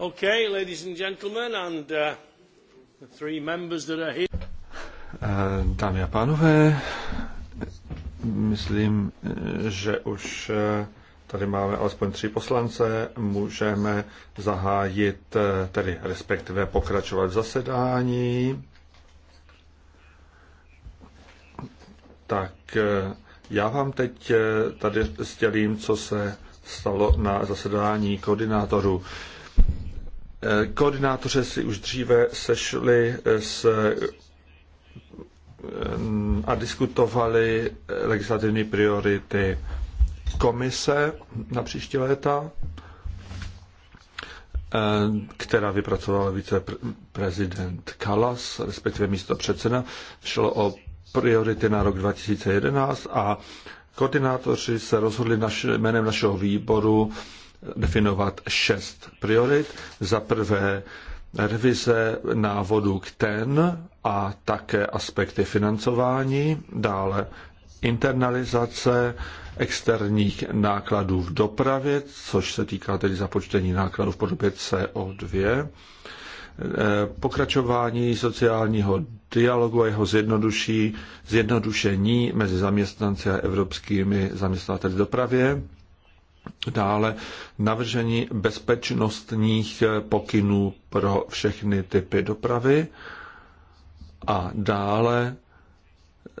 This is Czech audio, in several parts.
Okay, ladies and gentlemen, and uh, the three members that are here. Eh, dámy a pánové, myslím, eh, že už eh, tady máme alespoň tři poslance, můžeme zahájit, tedy respektive pokračovat v zasedání. Tak já vám teď tady sdělím, co se stalo na zasedání koordinátorů. Eh, koordinátoři si už dříve sešli eh, s, eh, a diskutovali legislativní priority komise na příští léta, která vypracovala viceprezident Kalas, respektive místo předseda. Šlo o priority na rok 2011 a koordinátoři se rozhodli naši, jménem našeho výboru definovat šest priorit. Za prvé revize návodu k ten a také aspekty financování, dále internalizace externích nákladů v dopravě, což se týká tedy započtení nákladů v podobě CO2, pokračování sociálního dialogu a jeho zjednodušení mezi zaměstnanci a evropskými zaměstnateli v dopravě, dále navržení bezpečnostních pokynů pro všechny typy dopravy a dále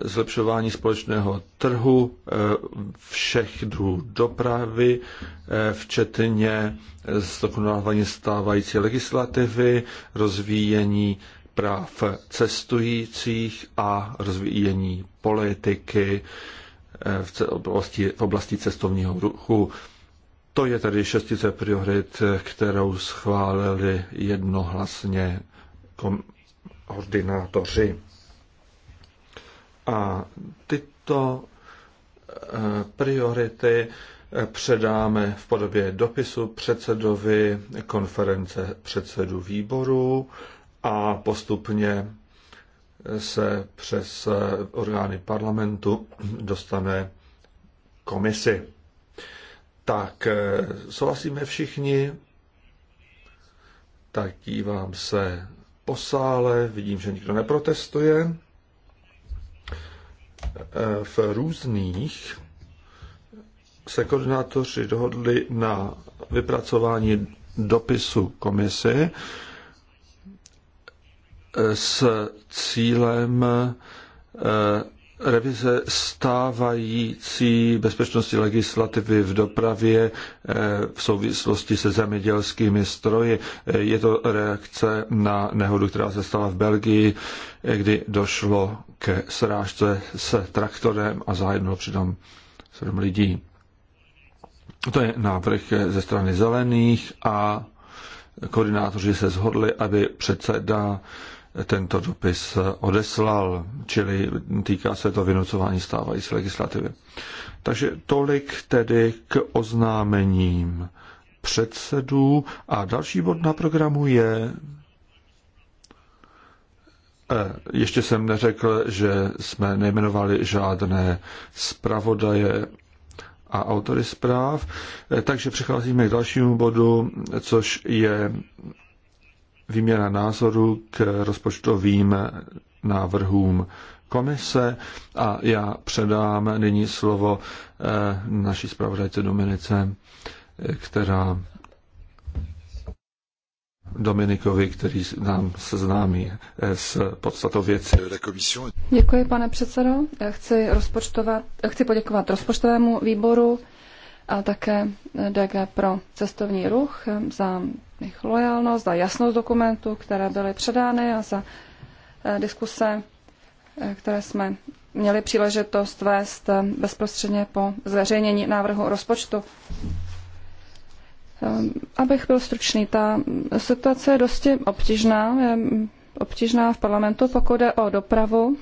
zlepšování společného trhu eh, všech druhů dopravy, eh, včetně zdokonalování stávající legislativy, rozvíjení práv cestujících a rozvíjení politiky Eh, v oblasti, v oblasti cestovního ruchu. To je tedy šestice priorit, eh, kterou schválili jednohlasně koordinátoři. A tyto eh, priority předáme v podobě dopisu předsedovi konference předsedů výborů a postupně se přes eh, orgány parlamentu dostane komisi. Tak eh, souhlasíme všichni, tak dívám se po sále, vidím, že nikdo neprotestuje. Eh, v různých se koordinátoři dohodli na vypracování dopisu komisi, s cílem eh, revize stávající bezpečnosti legislativy v dopravě eh, v souvislosti se zemědělskými stroji. Eh, je to reakce na nehodu, která se stala v Belgii, kdy došlo ke srážce se traktorem a zahynulo přitom sedm lidí. To je návrh ze strany zelených a koordinátoři se shodli, aby předseda tento dopis odeslal, čili týká se to vynucování stávající legislativy. Takže tolik tedy k oznámením předsedů a další bod na programu je eh, ještě jsem neřekl, že jsme nejmenovali žádné zpravodaje a autory zpráv, eh, takže přecházíme k dalšímu bodu, což je výměna názoru k rozpočtovým návrhům komise a já předám nyní slovo eh, naší zpravodajce Dominice, eh, která Dominikovi, který nám seznámí eh, s podstatou věci. Děkuji, pane předsedo. Já chci, rozpočtovat, chci poděkovat rozpočtovému výboru a také DG pro cestovní ruch eh, za jejich lojalnost, za jasnost dokumentů, které byly předány a za eh, diskuse, eh, které jsme měli příležitost vést bezprostředně po zveřejnění návrhu rozpočtu. Abych byl stručný, ta situace je dosti obtížná, je mm, obtížná v parlamentu, pokud jde o dopravu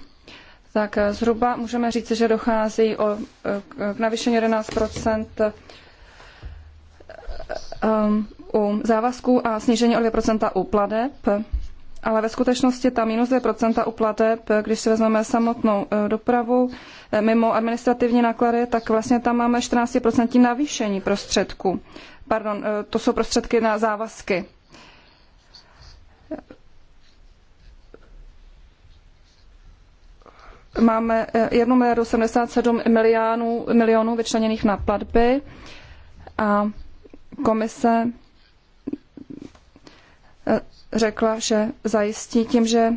tak eh, zhruba můžeme říct, že dochází o, eh, k navýšení 11 eh, ehm, u závazků a snížení o 2 u pladeb, ale ve skutečnosti ta minus 2 u plateb, když si vezmeme samotnou dopravu mimo administrativní náklady, tak vlastně tam máme 14 navýšení prostředků. Pardon, to jsou prostředky na závazky. máme 1 eh, miliardu 77 milionů, milionů vyčleněných na platby a komise eh, řekla, že zajistí tím, že,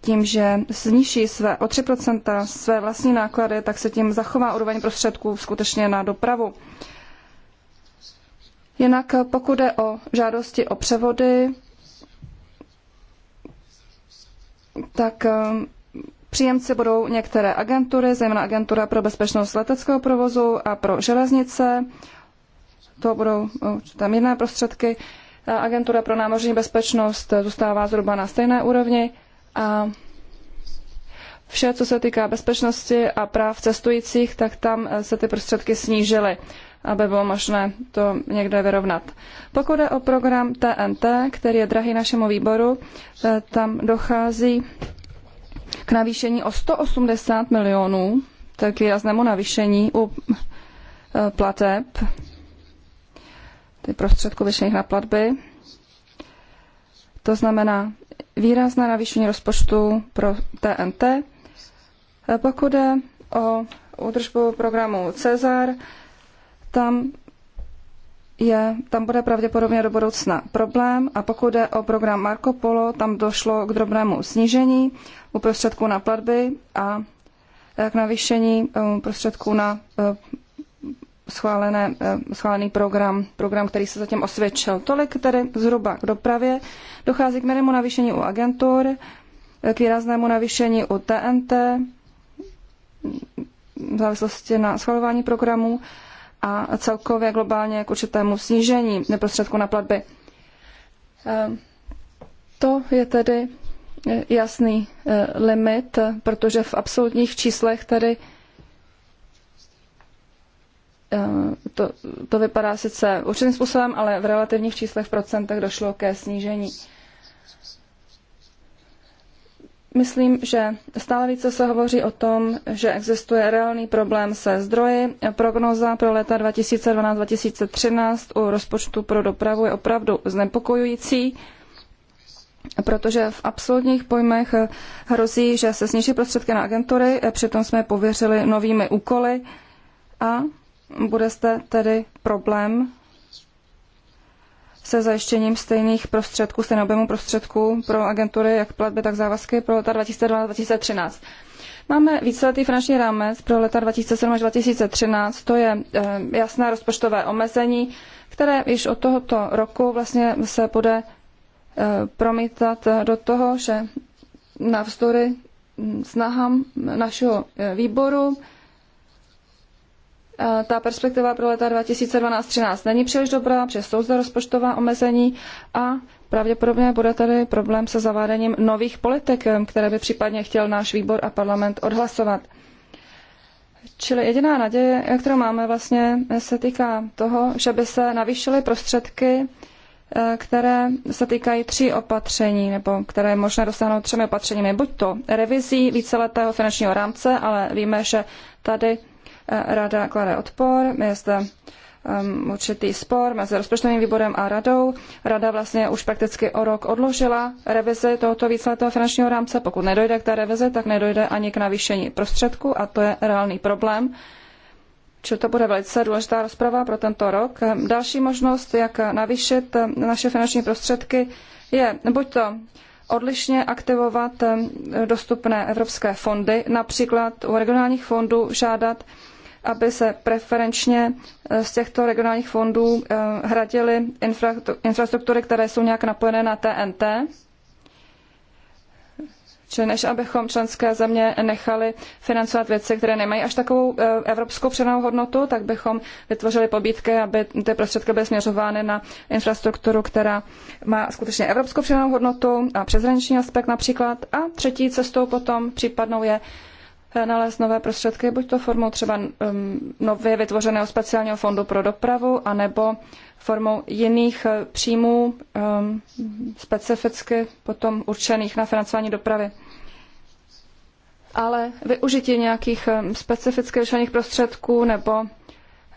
tím, že sníží své o 3% své vlastní náklady, tak se tím zachová úroveň prostředků skutečně na dopravu. Jinak eh, pokud jde o žádosti o převody, tak Příjemci budou některé agentury, zejména agentura pro bezpečnost leteckého provozu a pro železnice. To budou eh, tam jiné prostředky. Eh, agentura pro námořní bezpečnost eh, zůstává zhruba na stejné úrovni a vše, co se týká bezpečnosti a práv cestujících, tak tam se ty prostředky snížily, aby bylo možné to někde vyrovnat. Pokud je o program TNT, který je drahý našemu výboru, tam dochází k navýšení o 180 milionů, tak k výraznému navýšení u e, plateb, ty prostředku vyšších na platby. To znamená výrazné navýšení rozpočtu pro TNT. E, pokud jde o údržbu programu Cezar, tam je, tam bude pravděpodobně do budoucna problém a pokud jde o program Marco Polo, tam došlo k drobnému snížení u prostředků na platby a k navýšení eh, prostředků na eh, schválené, eh, schválený program, program, který se zatím osvědčil. Tolik tedy zhruba k dopravě. Dochází k minimu navýšení u agentur, k výraznému navýšení u TNT, v závislosti na schvalování programů a celkově globálně k určitému snížení neprostředku na platby. Ehm, to je tedy eh, jasný eh, limit, protože v absolutních číslech tedy ehm, to, to vypadá sice určitým způsobem, ale v relativních číslech v procentech došlo ke snížení. Myslím, že stále více se hovoří o tom, že existuje reálný problém se zdroji. Prognóza pro léta 2012-2013 u rozpočtu pro dopravu je opravdu znepokojující, protože v absolutních pojmech hrozí, že se sníží prostředky na agentury, přitom jsme je pověřili novými úkoly a bude zde tedy problém se zajištěním stejných prostředků, stejného objemu prostředků pro agentury, jak platby, tak závazky pro leta 2012-2013. Máme víceletý finanční rámec pro leta 2007 až 2013, to je eh, jasné rozpočtové omezení, které již od tohoto roku vlastně se bude eh, promítat eh, do toho, že navzdory hm, snahám našeho výboru Eh, ta perspektiva pro leta 2012 2013 není příliš dobrá, protože jsou zde rozpočtová omezení a pravděpodobně bude tady problém se zaváděním nových politik, eh, které by případně chtěl náš výbor a parlament odhlasovat. Čili jediná naděje, kterou máme vlastně, eh, se týká toho, že by se navýšily prostředky, které se týkají tří opatření, nebo které je možné dosáhnout třemi opatřeními. Buď to revizí víceletého finančního rámce, ale víme, že tady Rada klade odpor. Je zde um, určitý spor mezi rozpočtovým výborem a radou. Rada vlastně už prakticky o rok odložila revizi tohoto víceletého finančního rámce. Pokud nedojde k té revizi, tak nedojde ani k navýšení prostředku a to je reálný problém. Čili to bude velice důležitá rozprava pro tento rok. Další možnost, jak navýšit naše finanční prostředky, je buď to odlišně aktivovat dostupné evropské fondy, například u regionálních fondů žádat aby se preferenčně eh, z těchto regionálních fondů eh, hradily infrastruktury, které jsou nějak napojené na TNT. Čili než abychom členské země nechali financovat věci, které nemají až takovou eh, evropskou přidanou hodnotu, tak bychom vytvořili pobídky, aby ty prostředky byly směřovány na infrastrukturu, která má skutečně evropskou přidanou hodnotu a přeshraniční aspekt například. A třetí cestou potom případnou je nalézt nové prostředky, buď to formou třeba um, nově vytvořeného speciálního fondu pro dopravu, anebo formou jiných eh, příjmů um, specificky potom určených na financování dopravy. Ale využití nějakých eh, specificky vyšlených prostředků nebo,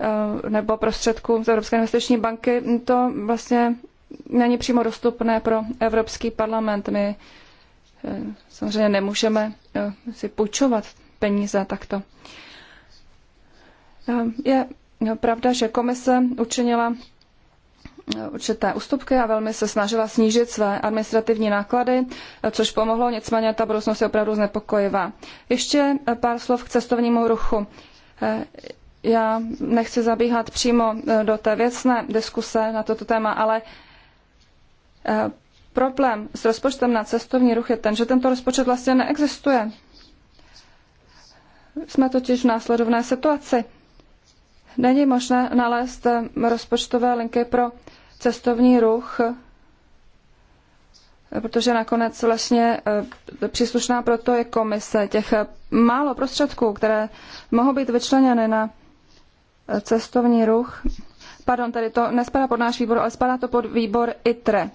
eh, nebo prostředků z Evropské investiční banky, to vlastně není přímo dostupné pro Evropský parlament. My samozřejmě nemůžeme si půjčovat peníze takto. Ehm, je no, pravda, že komise učinila eh, určité ústupky a velmi se snažila snížit své administrativní náklady, eh, což pomohlo, nicméně ta budoucnost je opravdu znepokojivá. Ještě eh, pár slov k cestovnímu ruchu. Já nechci zabíhat přímo do té věcné diskuse na toto téma, ale problém s rozpočtem na cestovní ruch je ten, že tento rozpočet vlastně neexistuje jsme totiž v následovné situaci. Není možné nalézt rozpočtové linky pro cestovní ruch, protože nakonec vlastně eh, příslušná proto je komise. Těch málo prostředků, které mohou být vyčleněny na eh, cestovní ruch, pardon, tady to nespadá pod náš výbor, ale spadá to pod výbor ITRE.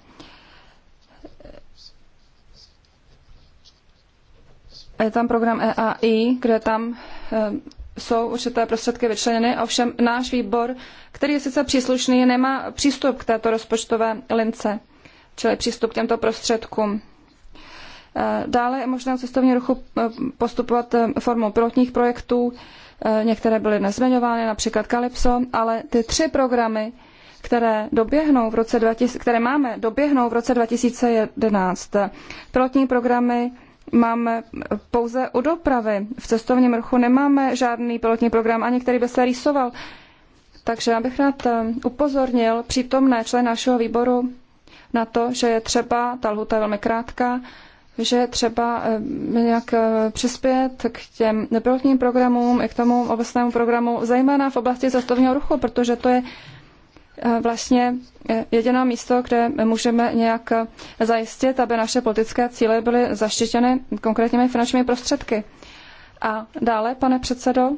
je tam program EAI, kde tam eh, jsou určité prostředky vyčleněny, ovšem náš výbor, který je sice příslušný, nemá přístup k této rozpočtové lince, čili přístup k těmto prostředkům. Eh, dále je možné cestovní ruchu eh, postupovat formou pilotních projektů, některé byly nezmiňovány, například Calypso, ale ty tři programy, které, doběhnou v roce 2000, které máme, doběhnou v roce 2011. Pilotní programy máme pouze u dopravy. V cestovním ruchu nemáme žádný pilotní program, ani který by se rýsoval. Takže já bych rád eh, upozornil přítomné člen našeho výboru na to, že je třeba, ta lhuta je velmi krátká, že je třeba eh, nějak eh, přispět k těm nepilotním programům i k tomu obecnému programu, zejména v oblasti cestovního ruchu, protože to je Eh, vlastně eh, jediné místo, kde můžeme nějak zajistit, aby naše politické cíle byly zaštětěny konkrétními finančními prostředky. A dále, pane předsedo,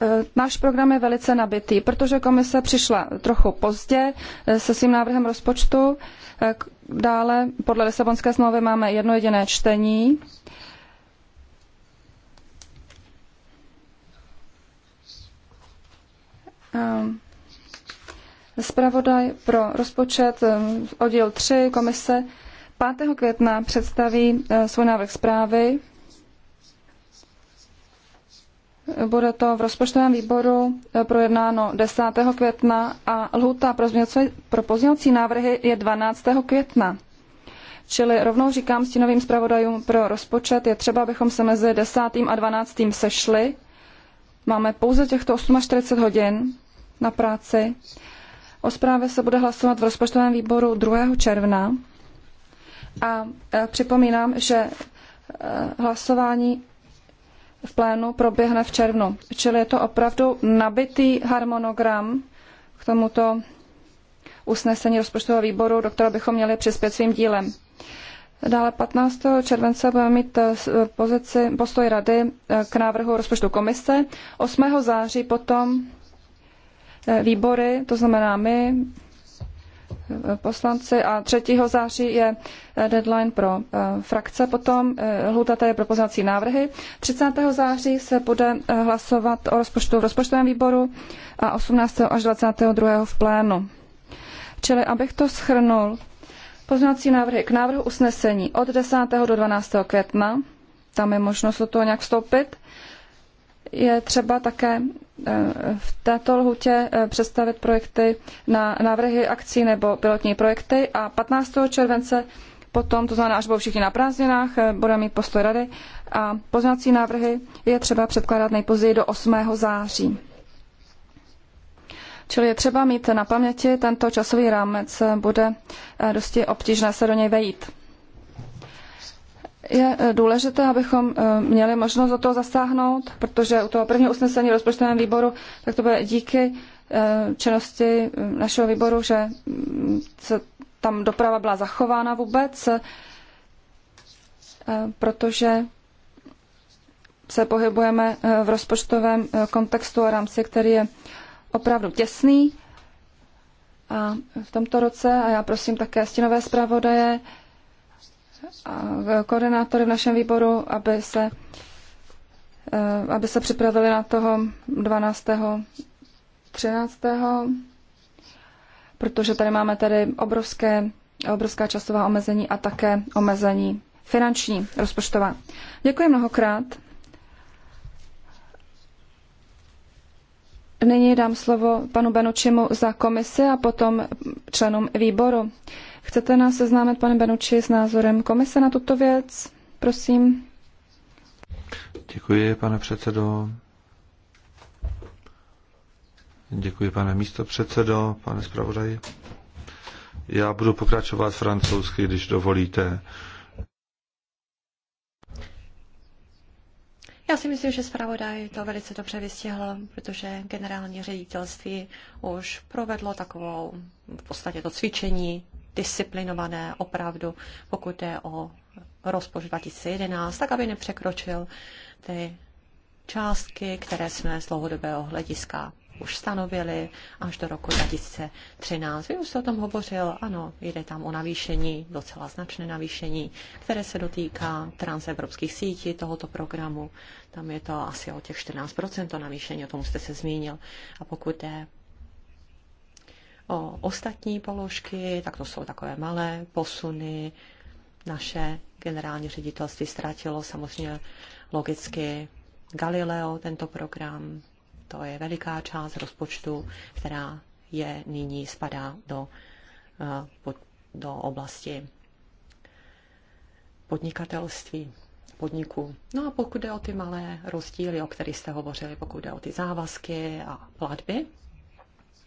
eh, Náš program je velice nabitý, protože komise přišla trochu pozdě se svým návrhem rozpočtu. Dále podle Lisabonské smlouvy máme jedno jediné čtení Ehm, zpravodaj pro rozpočet ehm, oddíl 3 komise 5. května představí eh, svůj návrh zprávy. Bude to v rozpočtovém výboru eh, projednáno 10. května a lhuta pro pozměňovací návrhy je 12. května. Čili rovnou říkám stínovým zpravodajům pro rozpočet, je třeba, abychom se mezi 10. a 12. sešli. Máme pouze těchto 48 hodin na práci. O zprávě se bude hlasovat v rozpočtovém výboru 2. června. A e, připomínám, že e, hlasování v plénu proběhne v červnu. Čili je to opravdu nabitý harmonogram k tomuto usnesení rozpočtového výboru, do kterého bychom měli přispět svým dílem. Dále 15. července budeme mít e, pozici, postoj rady k návrhu rozpočtu komise. 8. září potom výbory, to znamená my, poslanci a 3. září je eh, deadline pro eh, frakce, potom eh, lhuta je pro poznací návrhy. 30. září se bude hlasovat o rozpočtu v rozpočtovém výboru a 18. až 22. v plénu. Čili abych to schrnul, poznací návrhy k návrhu usnesení od 10. do 12. května, tam je možnost do toho nějak vstoupit, je třeba také Eh, v této lhutě eh, představit projekty na návrhy akcí nebo pilotní projekty a 15. července potom, to znamená, až budou všichni na prázdninách, eh, budeme mít postoj rady a poznací návrhy je třeba předkládat nejpozději do 8. září. Čili je třeba mít na paměti, tento časový rámec bude dosti obtížné se do něj vejít je eh, důležité, abychom eh, měli možnost do toho zasáhnout, protože u toho prvního usnesení rozpočtovém výboru, tak to bude díky eh, činnosti našeho výboru, že mm, se tam doprava byla zachována vůbec, protože se pohybujeme v rozpočtovém kontextu a rámci, který je opravdu těsný. A v tomto roce, a já prosím také stínové zpravodaje, koordinátory v našem výboru, aby se, eh, aby se připravili na toho 12. 13. protože tady máme tady obrovské, obrovská časová omezení a také omezení finanční, rozpočtová. Děkuji mnohokrát. Nyní dám slovo panu Benučimu za komisi a potom členům výboru. Chcete nás seznámit, pane Benuči, s názorem komise na tuto věc? Prosím. Děkuji, pane předsedo. Děkuji, pane místo předsedo, pane zpravodaji. Já budu pokračovat francouzsky, když dovolíte. Já si myslím, že zpravodaj to velice dobře vystihl, protože generální ředitelství už provedlo takovou v podstatě to cvičení disciplinované opravdu, pokud je o rozpočet 2011, tak aby nepřekročil ty částky, které jsme z dlouhodobého hlediska už stanovili až do roku 2013. Vy už jste o tom hovořil, ano, jde tam o navýšení, docela značné navýšení, které se dotýká transevropských sítí tohoto programu. Tam je to asi o těch 14% to navýšení, o tom jste se zmínil. A pokud jde o ostatní položky, tak to jsou takové malé posuny. Naše generální ředitelství ztratilo samozřejmě logicky Galileo, tento program. To je veliká část rozpočtu, která je nyní spadá do, eh, do oblasti podnikatelství podniku No a pokud jde o ty malé rozdíly, o kterých jste hovořili, pokud jde o ty závazky a platby,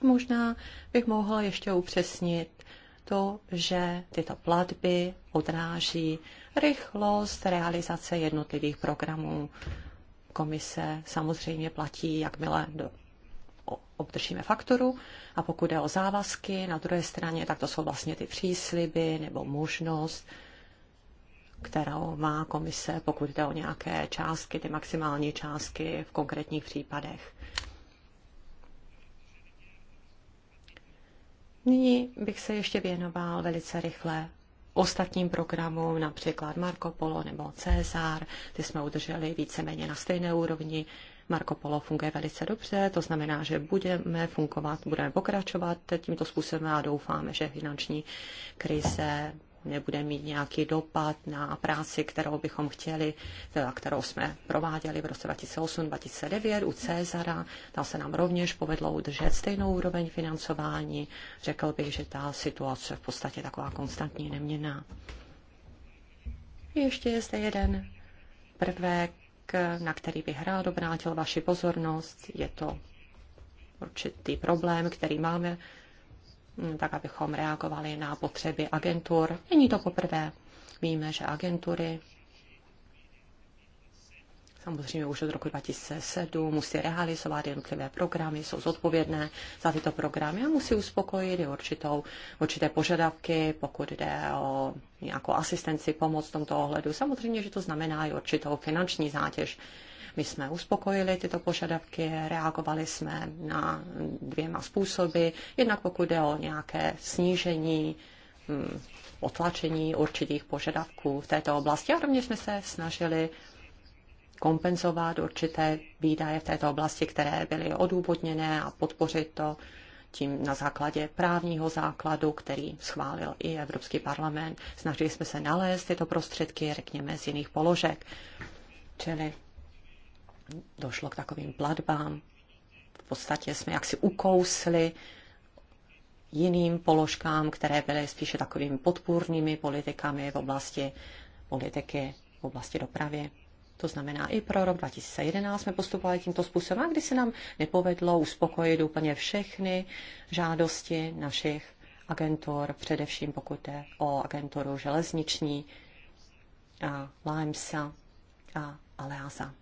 Možná bych mohla ještě upřesnit to, že tyto platby odráží rychlost realizace jednotlivých programů. Komise samozřejmě platí, jakmile do, obdržíme fakturu. A pokud jde o závazky na druhé straně, tak to jsou vlastně ty přísliby nebo možnost, kterou má komise, pokud jde o nějaké částky, ty maximální částky v konkrétních případech. Nyní bych se ještě věnoval velice rychle ostatním programům, například Marco Polo nebo César. ty jsme udrželi víceméně na stejné úrovni. Marco Polo funguje velice dobře, to znamená, že budeme fungovat, budeme pokračovat tímto způsobem a doufáme, že finanční krize nebude mít nějaký dopad na práci, kterou bychom chtěli, teda kterou jsme prováděli v roce 2008-2009 u Cezara. Tam se nám rovněž povedlo udržet stejnou úroveň financování. Řekl bych, že ta situace v podstatě taková konstantní neměná. Ještě je zde jeden prvek, na který bych rád obrátil vaši pozornost. Je to určitý problém, který máme Mm, tak abychom reagovali na potřeby agentur. Není to poprvé. Víme, že agentury samozřejmě už od roku 2007 musí realizovat jednotlivé programy, jsou zodpovědné za tyto programy a musí uspokojit i určitou, určité požadavky, pokud jde o nějakou asistenci, pomoc v tomto ohledu. Samozřejmě, že to znamená i určitou finanční zátěž my jsme uspokojili tyto požadavky, reagovali jsme na dvěma způsoby. Jednak pokud jde o nějaké snížení hm, potlačení určitých požadavků v této oblasti a rovněž jsme se snažili kompenzovat určité výdaje v této oblasti, které byly odůvodněné a podpořit to tím na základě právního základu, který schválil i Evropský parlament. Snažili jsme se nalézt tyto prostředky, řekněme, z jiných položek. Čili došlo k takovým platbám. V podstatě jsme jaksi ukousli jiným položkám, které byly spíše takovými podpůrnými politikami v oblasti politiky, v oblasti dopravy. To znamená, i pro rok 2011 jsme postupovali tímto způsobem, a když se nám nepovedlo uspokojit úplně všechny žádosti našich agentur, především pokud jde o agenturu železniční, a Limesa a Aleasa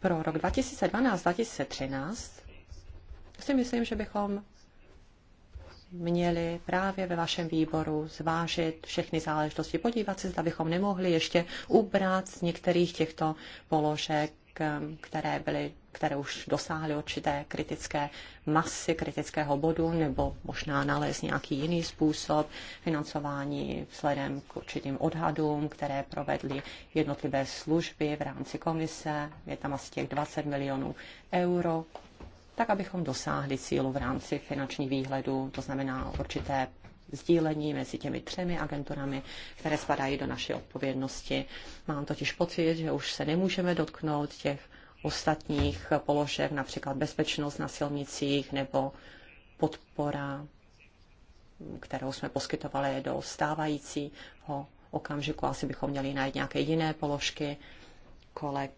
pro rok 2012-2013 si myslím, že bychom měli právě ve vašem výboru zvážit všechny záležitosti, podívat se, zda bychom nemohli ještě ubrat z některých těchto položek, um, které byly které už dosáhly určité kritické masy, kritického bodu, nebo možná nalézt nějaký jiný způsob financování vzhledem k určitým odhadům, které provedly jednotlivé služby v rámci komise. Je tam asi těch 20 milionů euro, tak abychom dosáhli cílu v rámci finančních výhledů, to znamená určité sdílení mezi těmi třemi agenturami, které spadají do naší odpovědnosti. Mám totiž pocit, že už se nemůžeme dotknout těch ostatních položek, například bezpečnost na silnicích nebo podpora, kterou jsme poskytovali do stávajícího okamžiku. Asi bychom měli najít nějaké jiné položky. Koleg,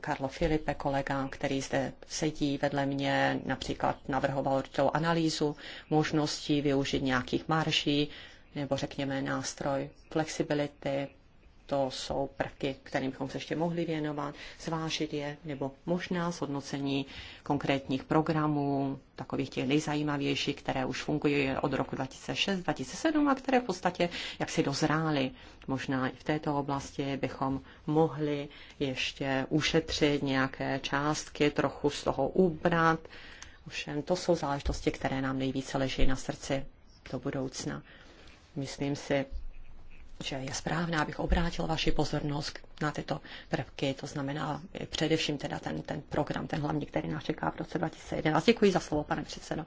Karlo Filipe, kolega, který zde sedí vedle mě, například navrhoval určitou analýzu možností využít nějakých marží nebo řekněme nástroj flexibility, to jsou prvky, kterým bychom se ještě mohli věnovat, zvážit je, nebo možná zhodnocení konkrétních programů, takových těch nejzajímavějších, které už fungují od roku 2006-2007 a které v podstatě jak si dozrály. Možná i v této oblasti bychom mohli ještě ušetřit nějaké částky, trochu z toho ubrat. Ovšem, to jsou záležitosti, které nám nejvíce leží na srdci do budoucna. Myslím si, že je správné, abych obrátil vaši pozornost na tyto prvky, to znamená především teda ten, ten program, ten hlavní, který nás čeká v roce 2011. Děkuji za slovo, pane předsedo.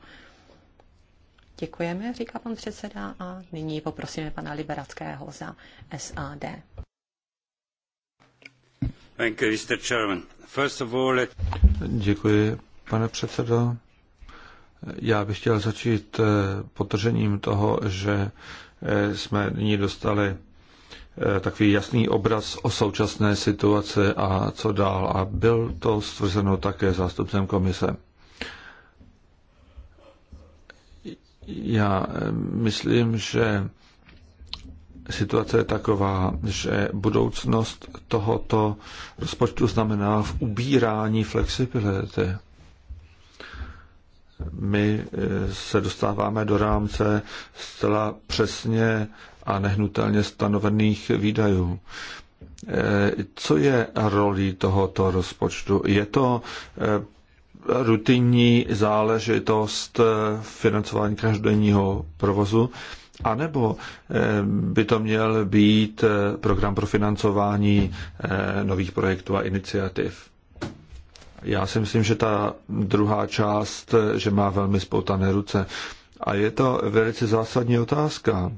Děkujeme, říká pan předseda, a nyní poprosíme pana Liberackého za SAD. Thank you, Mr. Chairman. First of all, let... Děkuji, pane předsedo. Já bych chtěl začít eh, potržením toho, že Eh, jsme nyní dostali eh, takový jasný obraz o současné situaci a co dál. A byl to stvrzeno také zástupcem komise. Já eh, myslím, že situace je taková, že budoucnost tohoto rozpočtu znamená v ubírání flexibility my eh, se dostáváme do rámce zcela přesně a nehnutelně stanovených výdajů. Eh, co je rolí tohoto rozpočtu? Je to eh, rutinní záležitost financování každodenního provozu, a nebo by to měl být program pro financování nových projektů a iniciativ? já si myslím, že ta druhá část, že má velmi spoutané ruce. A je to velice zásadní otázka.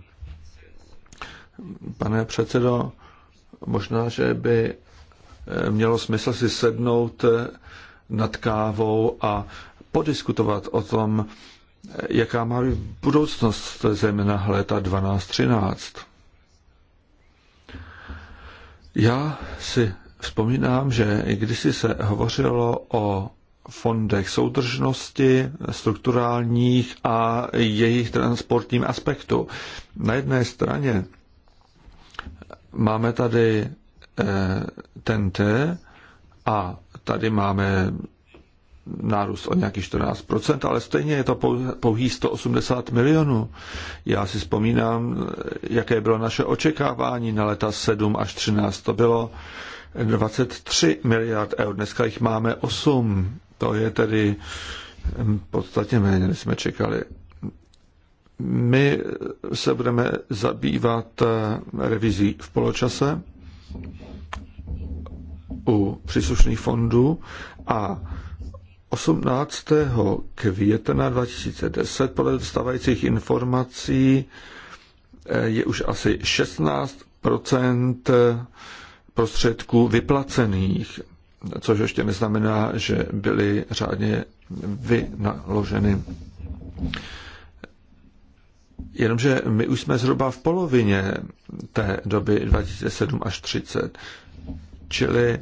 Pane předsedo, možná, že by eh, mělo smysl si sednout eh, nad kávou a podiskutovat o tom, eh, jaká má být budoucnost zejména léta 12-13. Já si Vzpomínám, že když se hovořilo o fondech soudržnosti, strukturálních a jejich transportním aspektu. Na jedné straně máme tady TNT eh, a tady máme nárůst o nějakých 14%, ale stejně je to pouhý 180 milionů. Já si vzpomínám, eh, jaké bylo naše očekávání na leta 7 až 13. To bylo 23 miliard eur, dneska jich máme 8, to je tedy hm, podstatně méně, než jsme čekali. My se budeme zabývat eh, revizí v poločase u příslušných fondů a 18. května 2010 podle dostávajících informací eh, je už asi 16 prostředků vyplacených, což ještě neznamená, že byly řádně vynaloženy. Jenomže my už jsme zhruba v polovině té doby 2007 až 30, čili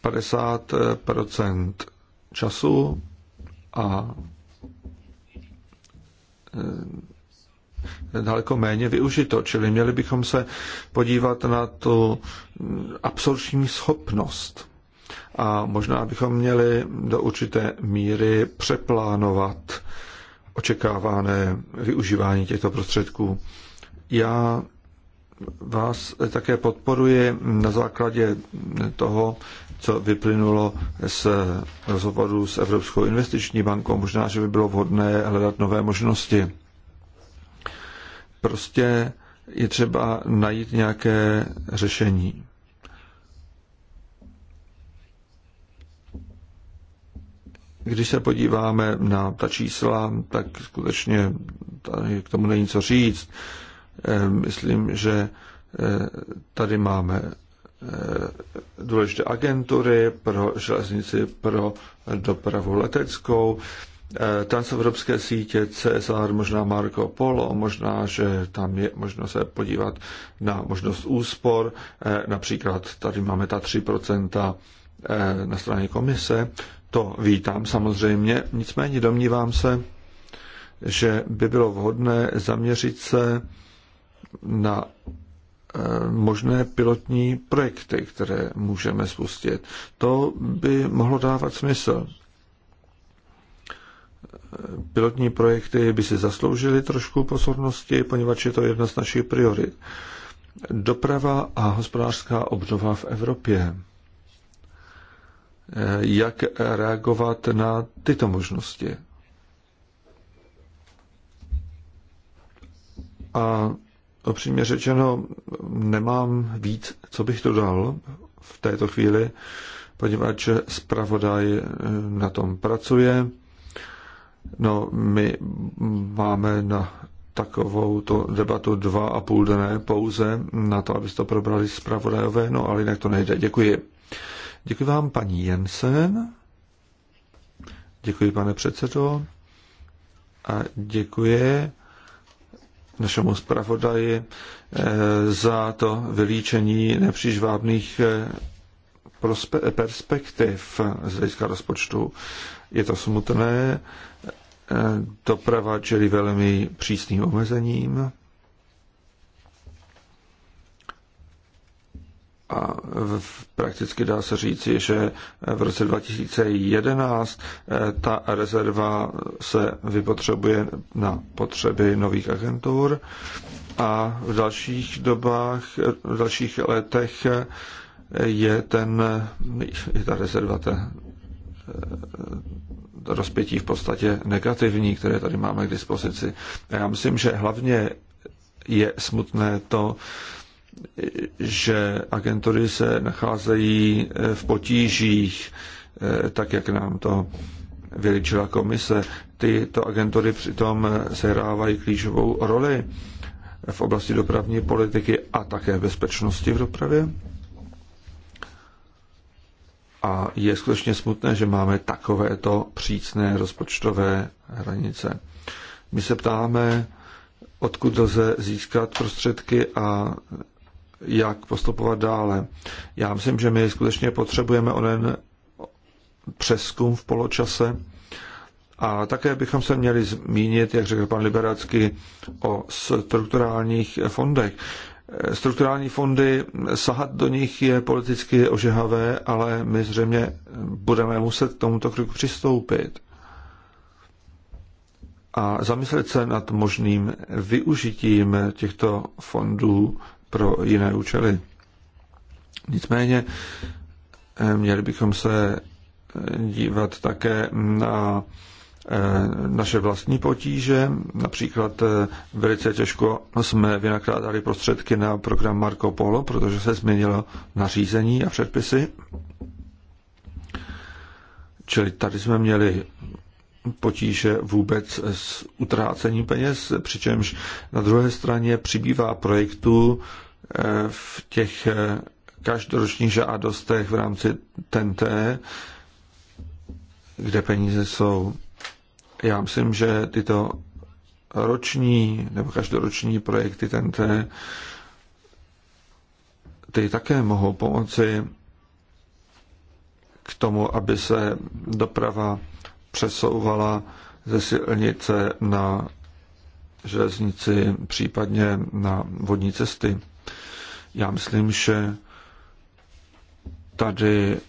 50 eh, času a eh, daleko méně využito, čili měli bychom se podívat na tu absorpční schopnost. A možná bychom měli do určité míry přeplánovat očekávané využívání těchto prostředků. Já vás také podporuji na základě toho, co vyplynulo z rozhovoru s Evropskou investiční bankou. Možná, že by bylo vhodné hledat nové možnosti. Prostě je třeba najít nějaké řešení. Když se podíváme na ta čísla, tak skutečně tady k tomu není co říct. Eh, myslím, že eh, tady máme eh, důležité agentury pro železnici, pro dopravu leteckou. Eh, transevropské sítě CSR, možná Marco Polo, možná, že tam je možno se podívat na možnost úspor. Eh, například tady máme ta 3% eh, na straně komise. To vítám samozřejmě, nicméně domnívám se, že by bylo vhodné zaměřit se na možné pilotní projekty, které můžeme spustit. To by mohlo dávat smysl. Pilotní projekty by si zasloužily trošku pozornosti, poněvadž je to jedna z našich priorit. Doprava a hospodářská obnova v Evropě. Jak reagovat na tyto možnosti? A opřímně řečeno, nemám víc, co bych to dal v této chvíli, poněvadž zpravodaj na tom pracuje No, my máme na takovou to debatu dva a půl dne pouze na to, abyste to probrali pravodajové, no ale jinak to nejde. Děkuji. Děkuji vám, paní Jensen. Děkuji, pane předsedo. A děkuji našemu zpravodaji eh, za to vylíčení nepřížvábných eh, perspektiv z hlediska rozpočtu. Je to smutné, doprava čili velmi přísným omezením a v, prakticky dá se říci, že v roce 2011 eh, ta rezerva se vypotřebuje na potřeby nových agentur a v dalších dobách, eh, v dalších letech eh, je, ten, je ta rezerva ten, rozpětí v podstatě negativní, které tady máme k dispozici. A já myslím, že hlavně je smutné to, že agentury se nacházejí eh, v potížích, eh, tak jak nám to vyličila komise. Tyto agentury přitom eh, sehrávají klíčovou roli v oblasti dopravní politiky a také bezpečnosti v dopravě. A je skutečně smutné, že máme takovéto přísné rozpočtové hranice. My se ptáme, odkud lze získat prostředky a jak postupovat dále. Já myslím, že my skutečně potřebujeme onen přeskum v poločase a také bychom se měli zmínit, jak řekl pan Liberacký, o strukturálních fondech strukturální fondy, sahat do nich je politicky ožehavé, ale my zřejmě budeme muset k tomuto kroku přistoupit a zamyslet se nad možným využitím těchto fondů pro jiné účely. Nicméně eh, měli bychom se dívat také na Eh, naše vlastní potíže. Například eh, velice těžko jsme vynakládali prostředky na program Marco Polo, protože se změnilo nařízení a předpisy. Čili tady jsme měli potíže vůbec s utrácením peněz, přičemž na druhé straně přibývá projektů eh, v těch každoročních žádostech v rámci TNT, kde peníze jsou já myslím, že tyto roční nebo každoroční projekty TNT ty také mohou pomoci k tomu, aby se doprava přesouvala ze silnice na železnici, případně na vodní cesty. Já myslím, že tady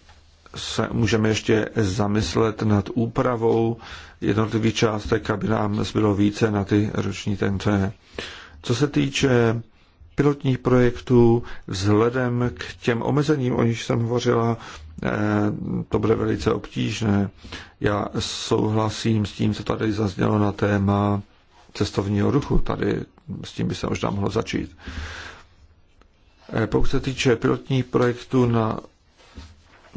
se můžeme ještě zamyslet nad úpravou jednotlivých částek, aby nám zbylo více na ty roční TNT. Co se týče pilotních projektů, vzhledem k těm omezením, o nich jsem hovořila, eh, to bude velice obtížné. Já souhlasím s tím, co tady zaznělo na téma cestovního ruchu. Tady s tím by se možná mohlo začít. Eh, pokud se týče pilotních projektů na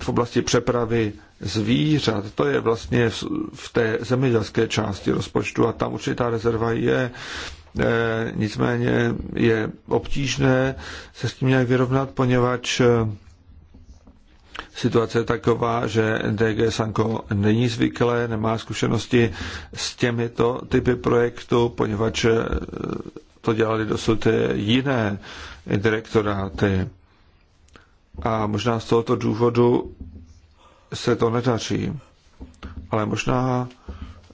v oblasti přepravy zvířat, to je vlastně v té zemědělské části rozpočtu a tam určitá rezerva je. Eh, nicméně je obtížné se s tím nějak vyrovnat, poněvadž eh, situace je taková, že DG Sanko není zvyklé, nemá zkušenosti s těmito typy projektů, poněvadž eh, to dělali dosud jiné direktoráty. A možná z tohoto důvodu se to nedaří. Ale možná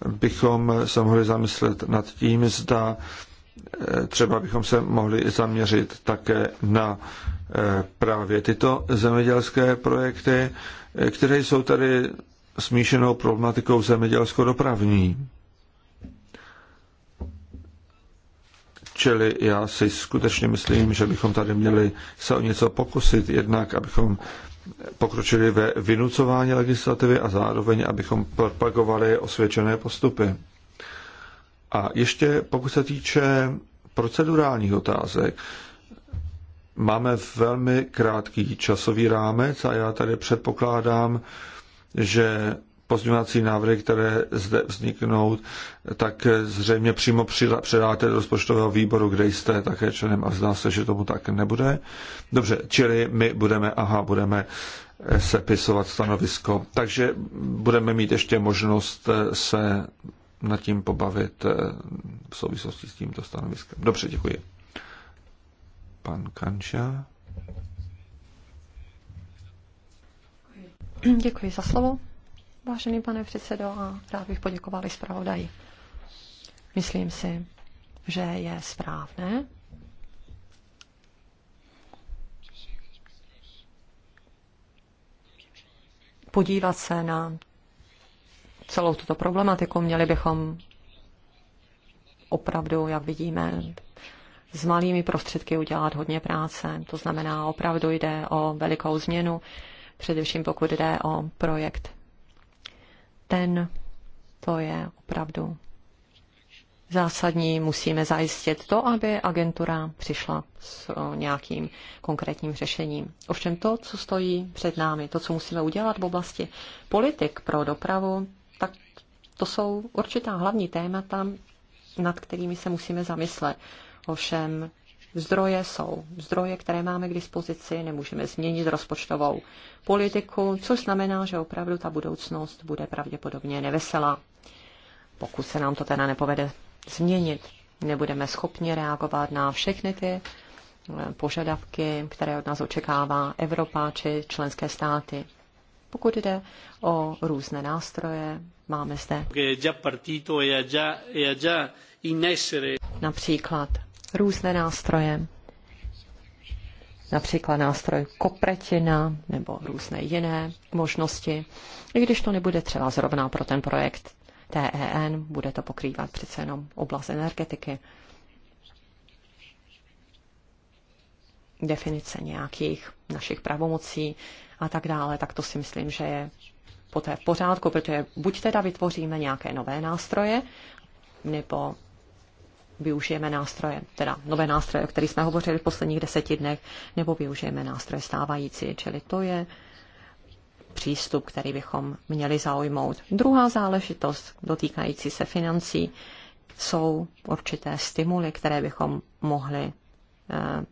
bychom se mohli zamyslet nad tím, zda eh, třeba bychom se mohli zaměřit také na eh, právě tyto zemědělské projekty, eh, které jsou tady smíšenou problematikou zemědělsko-dopravní. Čili já si skutečně myslím, že bychom tady měli se o něco pokusit, jednak abychom pokročili ve vynucování legislativy a zároveň, abychom propagovali osvědčené postupy. A ještě pokud se týče procedurálních otázek, máme velmi krátký časový rámec a já tady předpokládám, že pozměňovací návrhy, které zde vzniknou, tak zřejmě přímo předáte do rozpočtového výboru, kde jste také členem a zdá se, že tomu tak nebude. Dobře, čili my budeme, aha, budeme sepisovat stanovisko. Takže budeme mít ještě možnost eh, se nad tím pobavit eh, v souvislosti s tímto stanoviskem. Dobře, děkuji. Pan Kanča. Děkuji za slovo. Vážený pane předsedo, a rád bych poděkoval i zpravodaji. Myslím si, že je správné, podívat se na celou tuto problematiku. Měli bychom opravdu, jak vidíme, s malými prostředky udělat hodně práce. To znamená, opravdu jde o velikou změnu, především pokud jde o projekt ten to je opravdu zásadní. Musíme zajistit to, aby agentura přišla s nějakým konkrétním řešením. Ovšem to, co stojí před námi, to, co musíme udělat v oblasti politik pro dopravu, tak to jsou určitá hlavní témata, nad kterými se musíme zamyslet. Ovšem Zdroje jsou zdroje, které máme k dispozici, nemůžeme změnit rozpočtovou politiku, což znamená, že opravdu ta budoucnost bude pravděpodobně neveselá. Pokud se nám to teda nepovede změnit, nebudeme schopni reagovat na všechny ty eh, požadavky, které od nás očekává Evropa či členské státy. Pokud jde o různé nástroje, máme zde e e například různé nástroje, například nástroj kopretina nebo různé jiné možnosti, i když to nebude třeba zrovna pro ten projekt TEN, bude to pokrývat přece jenom oblast energetiky. definice nějakých našich pravomocí a tak dále, tak to si myslím, že je poté v pořádku, protože buď teda vytvoříme nějaké nové nástroje, nebo využijeme nástroje, teda nové nástroje, o kterých jsme hovořili v posledních deseti dnech, nebo využijeme nástroje stávající. Čili to je přístup, který bychom měli zaujmout. Druhá záležitost dotýkající se financí jsou určité stimuly, které bychom mohli, eh,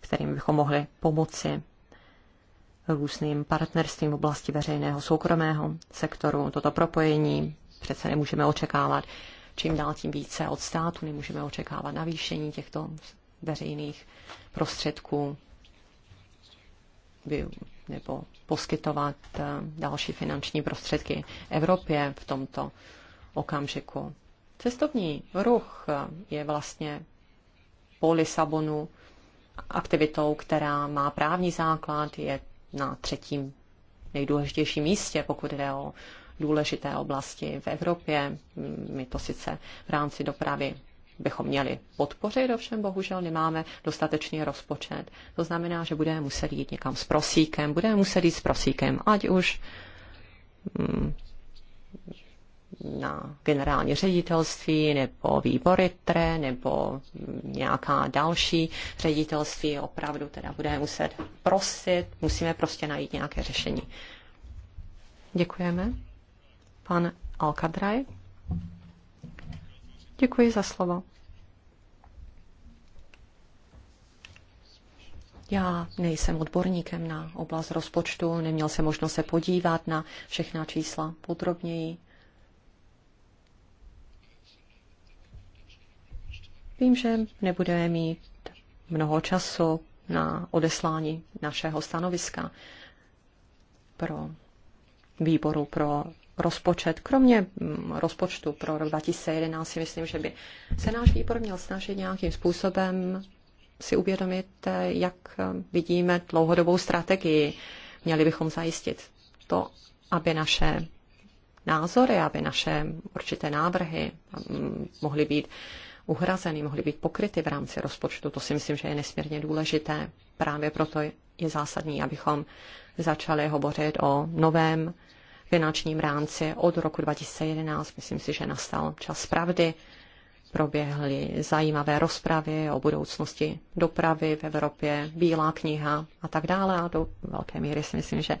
kterým bychom mohli pomoci různým partnerstvím v oblasti veřejného soukromého sektoru. Toto propojení přece nemůžeme očekávat čím dál tím více od státu. Nemůžeme očekávat navýšení těchto veřejných prostředků nebo poskytovat eh, další finanční prostředky Evropě v tomto okamžiku. Cestovní ruch eh, je vlastně po Lisabonu aktivitou, která má právní základ, je na třetím nejdůležitějším místě, pokud jde o důležité oblasti v Evropě. My to sice v rámci dopravy bychom měli podpořit, ovšem bohužel nemáme dostatečný rozpočet. To znamená, že budeme muset jít někam s prosíkem, budeme muset jít s prosíkem, ať už mm, na generální ředitelství nebo výbory TRE nebo nějaká další ředitelství opravdu teda budeme muset prosit, musíme prostě najít nějaké řešení. Děkujeme. Pan Alkadraj. Děkuji za slovo. Já nejsem odborníkem na oblast rozpočtu, neměl jsem možnost se podívat na všechna čísla podrobněji. Vím, že nebudeme mít mnoho času na odeslání našeho stanoviska pro výboru pro rozpočet. Kromě mm, rozpočtu pro rok 2011 si myslím, že by se náš výbor měl snažit nějakým způsobem si uvědomit, eh, jak eh, vidíme dlouhodobou strategii. Měli bychom zajistit to, aby naše názory, aby naše určité návrhy mm, mohly být uhrazeny, mohly být pokryty v rámci rozpočtu. To si myslím, že je nesmírně důležité. Právě proto je zásadní, abychom začali hovořit o novém finančním rámci od roku 2011. Myslím si, že nastal čas pravdy. Proběhly zajímavé rozpravy o budoucnosti dopravy v Evropě, Bílá kniha a tak dále. A do velké míry si myslím, že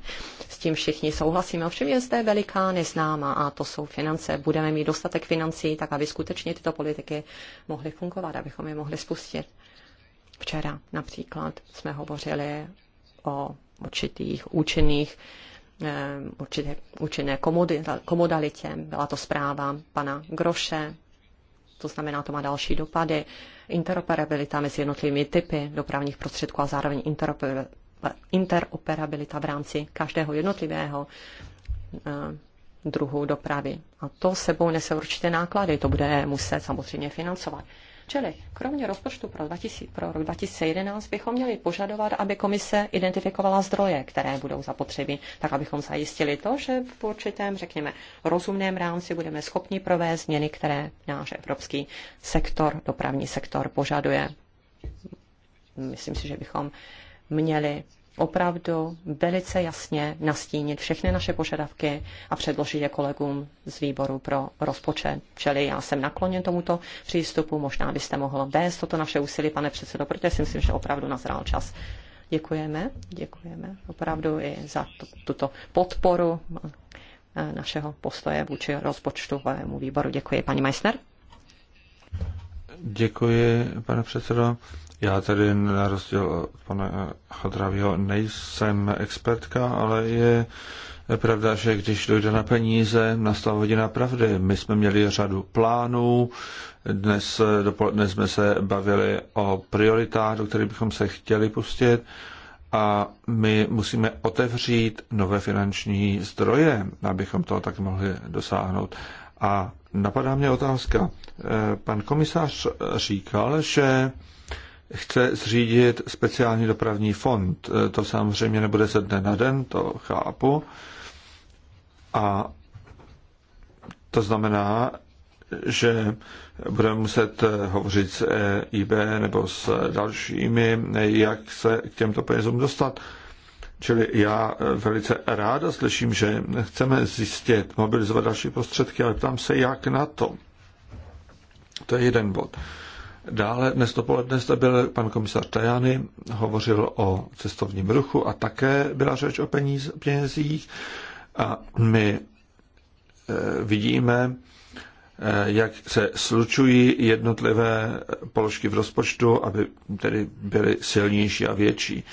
s tím všichni souhlasíme. Ovšem je zde veliká neznáma a to jsou finance. Budeme mít dostatek financí, tak aby skutečně tyto politiky mohly fungovat, abychom je mohli spustit. Včera například jsme hovořili o určitých účinných Ehm, určitě určité komodalitě. Byla to zpráva pana Groše, to znamená, to má další dopady. Interoperabilita mezi jednotlivými typy dopravních prostředků a zároveň interoperabilita v rámci každého jednotlivého ehm, druhu dopravy. A to sebou nese určité náklady, to bude muset samozřejmě financovat. Čili kromě rozpočtu pro, 2000, pro rok 2011 bychom měli požadovat, aby komise identifikovala zdroje, které budou zapotřebí, tak abychom zajistili to, že v určitém, řekněme, rozumném rámci budeme schopni provést změny, které náš evropský sektor, dopravní sektor požaduje. Myslím si, že bychom měli opravdu velice jasně nastínit všechny naše požadavky a předložit je kolegům z výboru pro rozpočet. Čili já jsem nakloněn tomuto přístupu, možná byste mohl vést toto naše úsilí, pane předsedo, protože si myslím, že opravdu nazrál čas. Děkujeme, děkujeme opravdu i za tuto podporu eh, našeho postoje vůči rozpočtovému výboru. Děkuji, paní Meissner. Děkuji, pane předsedo. Já tady na rozdíl od pana Chodravího nejsem expertka, ale je pravda, že když dojde na peníze, nastala hodina pravdy. My jsme měli řadu plánů, dnes dopoledne jsme se bavili o prioritách, do kterých bychom se chtěli pustit a my musíme otevřít nové finanční zdroje, abychom toho tak mohli dosáhnout. A napadá mě otázka. Eh, pan komisář říkal, že chce zřídit speciální dopravní fond. E, to samozřejmě nebude ze dne na den, to chápu. A to znamená, že budeme muset e, hovořit s e IB nebo s dalšími, jak se k těmto penězům dostat. Čili já velice ráda slyším, že chceme zjistit, mobilizovat další prostředky, ale ptám se, jak na to. To je jeden bod. Dále dnes dopoledne jste byl pan komisař Tajany, hovořil o cestovním ruchu a také byla řeč o peníz, penězích. A my eh, vidíme, eh, jak se slučují jednotlivé položky v rozpočtu, aby tedy byly silnější a větší.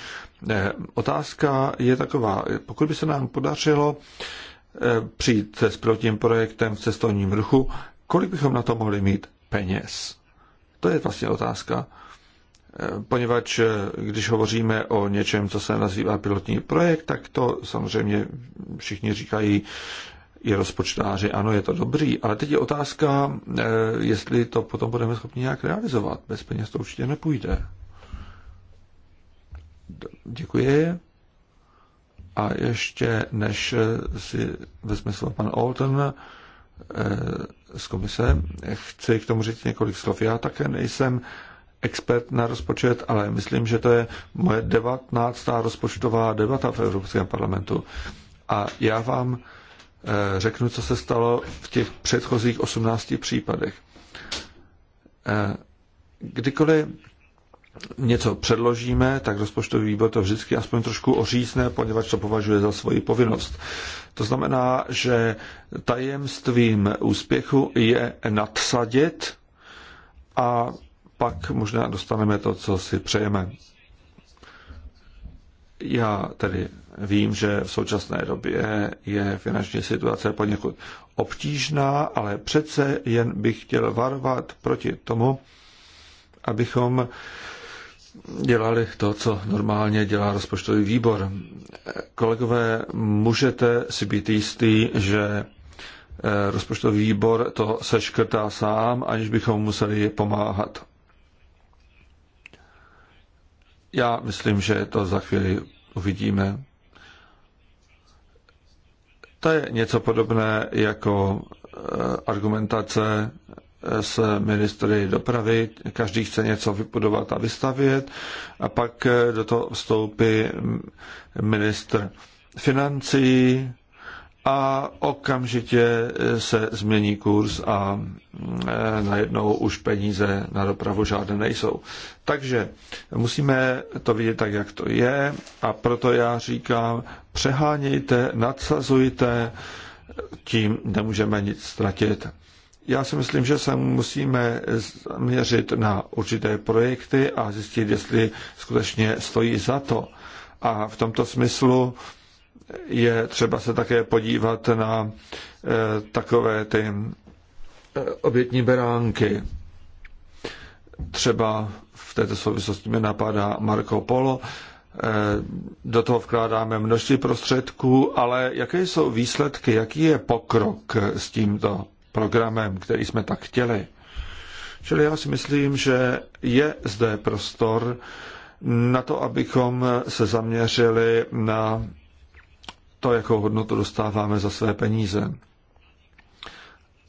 Eh, otázka je taková, pokud by se nám podařilo přijít s pilotním projektem v cestovním ruchu, kolik bychom na to mohli mít peněz? To je vlastně otázka, eh, poněvadž eh, když hovoříme o něčem, co se nazývá pilotní projekt, tak to samozřejmě všichni říkají, i rozpočtáři, ano, je to dobrý, ale teď je otázka, eh, jestli to potom budeme schopni nějak realizovat. Bez peněz to určitě nepůjde. Děkuji. A ještě než si vezme slovo pan Olten, z komise. Chci k tomu říct několik slov. Já také nejsem expert na rozpočet, ale myslím, že to je moje 19. rozpočtová debata v Evropském parlamentu. A já vám eh, řeknu, co se stalo v těch předchozích 18 případech. Eh, kdykoliv něco předložíme, tak rozpočtový výbor to vždycky aspoň trošku ořízne, poněvadž to považuje za svoji povinnost. To znamená, že tajemstvím úspěchu je nadsadit a pak možná dostaneme to, co si přejeme. Já tedy vím, že v současné době je finanční situace poněkud obtížná, ale přece jen bych chtěl varovat proti tomu, abychom dělali to, co normálně dělá rozpočtový výbor. Kolegové, můžete si být jistý, že eh, rozpočtový výbor to seškrtá sám, aniž bychom museli pomáhat. Já myslím, že to za chvíli uvidíme. To je něco podobné jako eh, argumentace s ministry dopravy, každý chce něco vybudovat a vystavět a pak eh, do toho vstoupí ministr financí a okamžitě eh, se změní kurz a eh, najednou už peníze na dopravu žádné nejsou. Takže musíme to vidět tak, jak to je a proto já říkám, přehánějte, nadsazujte, tím nemůžeme nic ztratit. Já si myslím, že se musíme měřit na určité projekty a zjistit, jestli skutečně stojí za to. A v tomto smyslu je třeba se také podívat na eh, takové ty eh, obětní beránky. Třeba v této souvislosti mi napadá Marco Polo. Eh, do toho vkládáme množství prostředků, ale jaké jsou výsledky, jaký je pokrok s tímto programem, který jsme tak chtěli. Čili já si myslím, že je zde prostor na to, abychom se zaměřili na to, jakou hodnotu dostáváme za své peníze.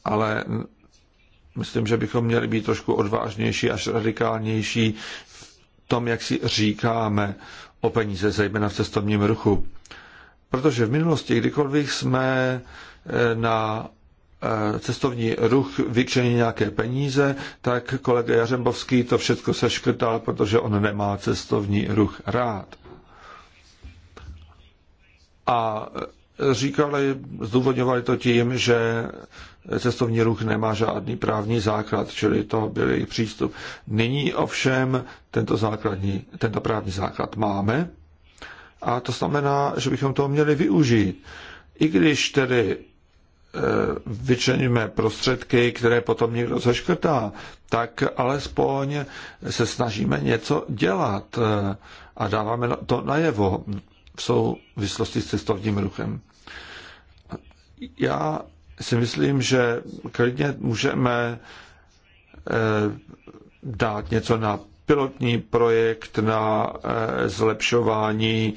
Ale myslím, že bychom měli být trošku odvážnější až radikálnější v tom, jak si říkáme o peníze, zejména v cestovním ruchu. Protože v minulosti, kdykoliv jsme eh, na Eh, cestovní ruch vyčlení nějaké peníze, tak kolega Jařembovský to všechno seškrtal, protože on nemá cestovní ruch rád. A eh, říkali, zdůvodňovali to tím, že cestovní ruch nemá žádný právní základ, čili to byl jejich přístup. Nyní ovšem tento, základní, tento právní základ máme a to znamená, že bychom to měli využít. I když tedy Eh, vyčleníme prostředky, které potom někdo zaškrtá, tak alespoň se snažíme něco dělat eh, a dáváme to najevo v souvislosti s cestovním ruchem. Já si myslím, že klidně můžeme eh, dát něco na pilotní projekt, na zlepšování